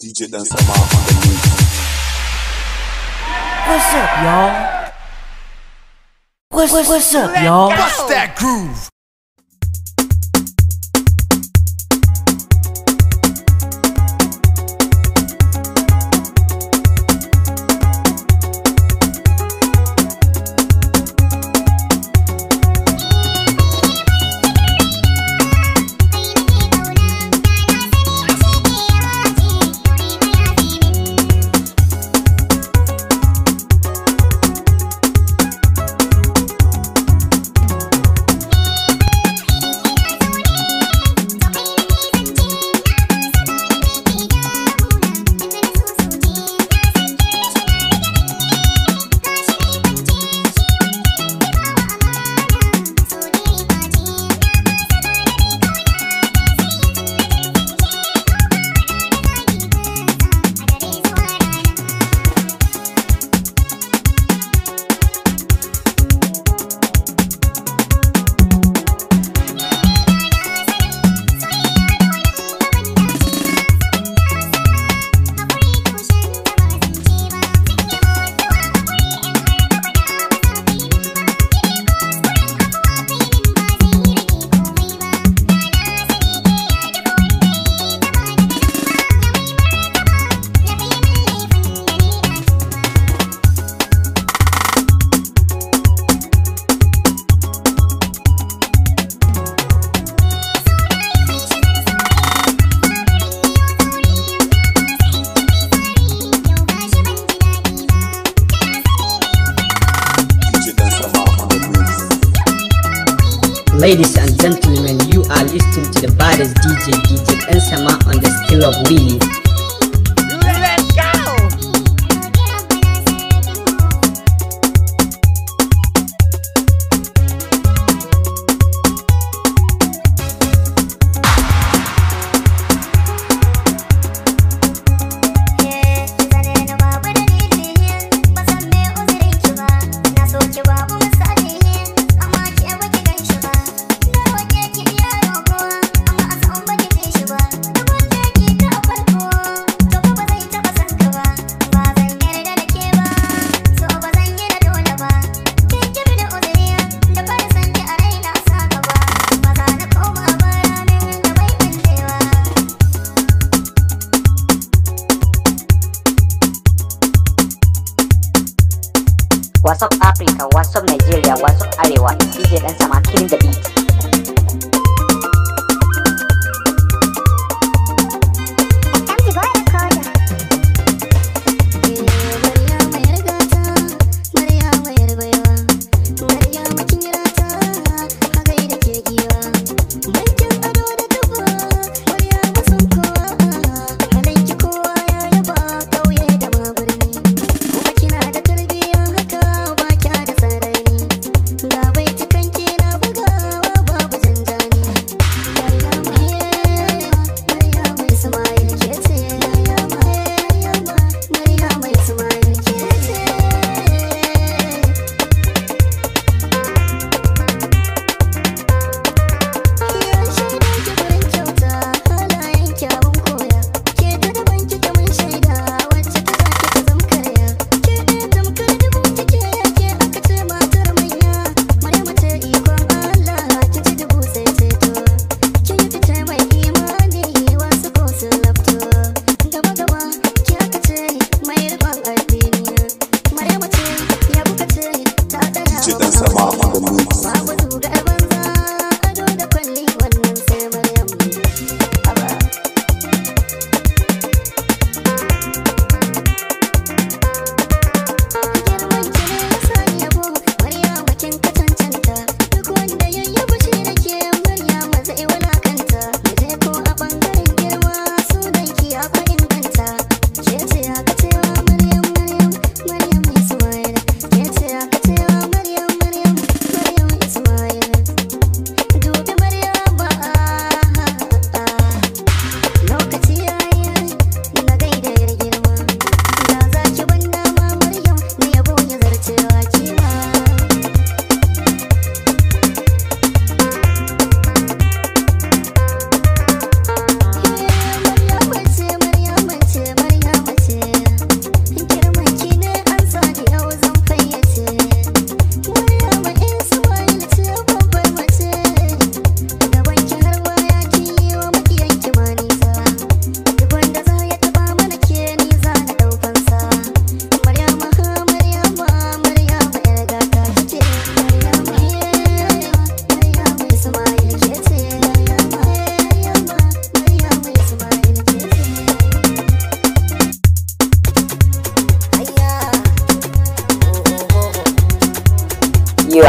DJ Dancer Man on the loop. What's up, y'all? what's, what's up, y'all? What's that groove? Ladies and gentlemen, you are listening to the baddest DJ, DJ sama on the scale of Willie. making it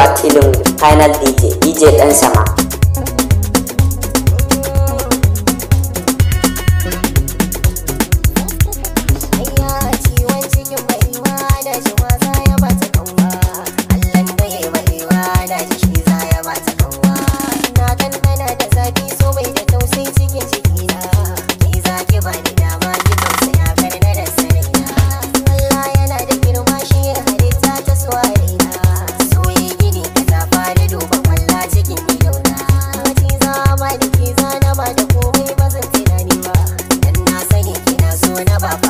Mark Idun Final DJ DJ Dan Sama whenever.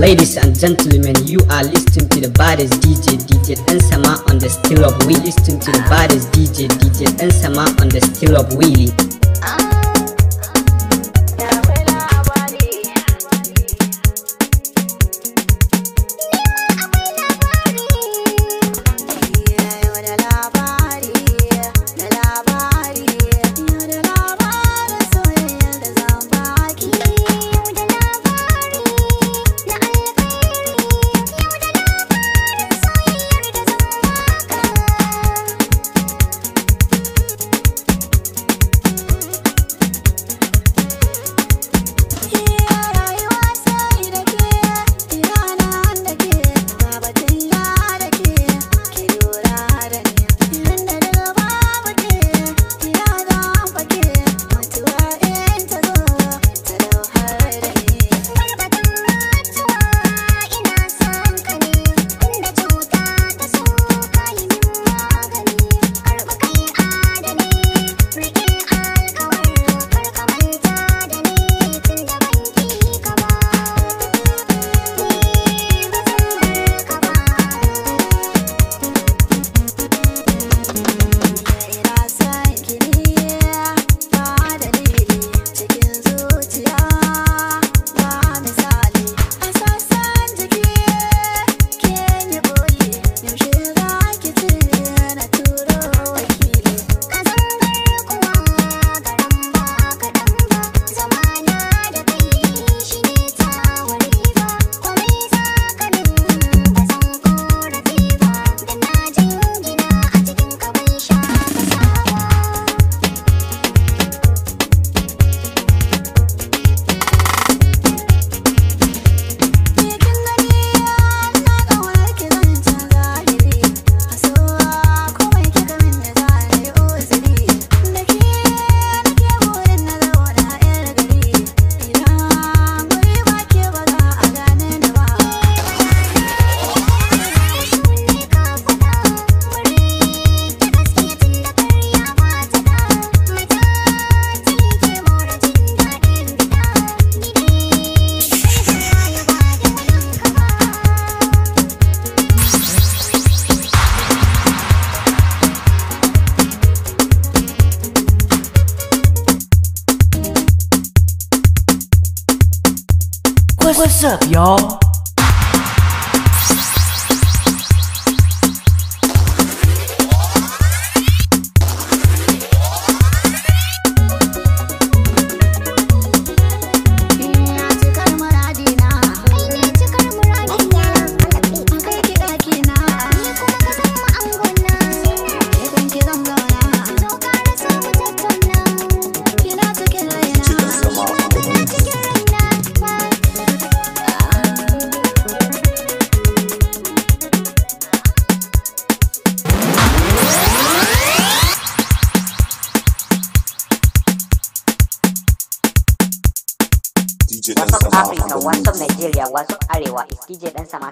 Ladies and gentlemen, you are listening to the baddest DJ DJ Ensama on the Still of Wheelie. Listen to the baddest DJ DJ Ensama on the Still of Wheelie.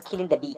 killing the bee.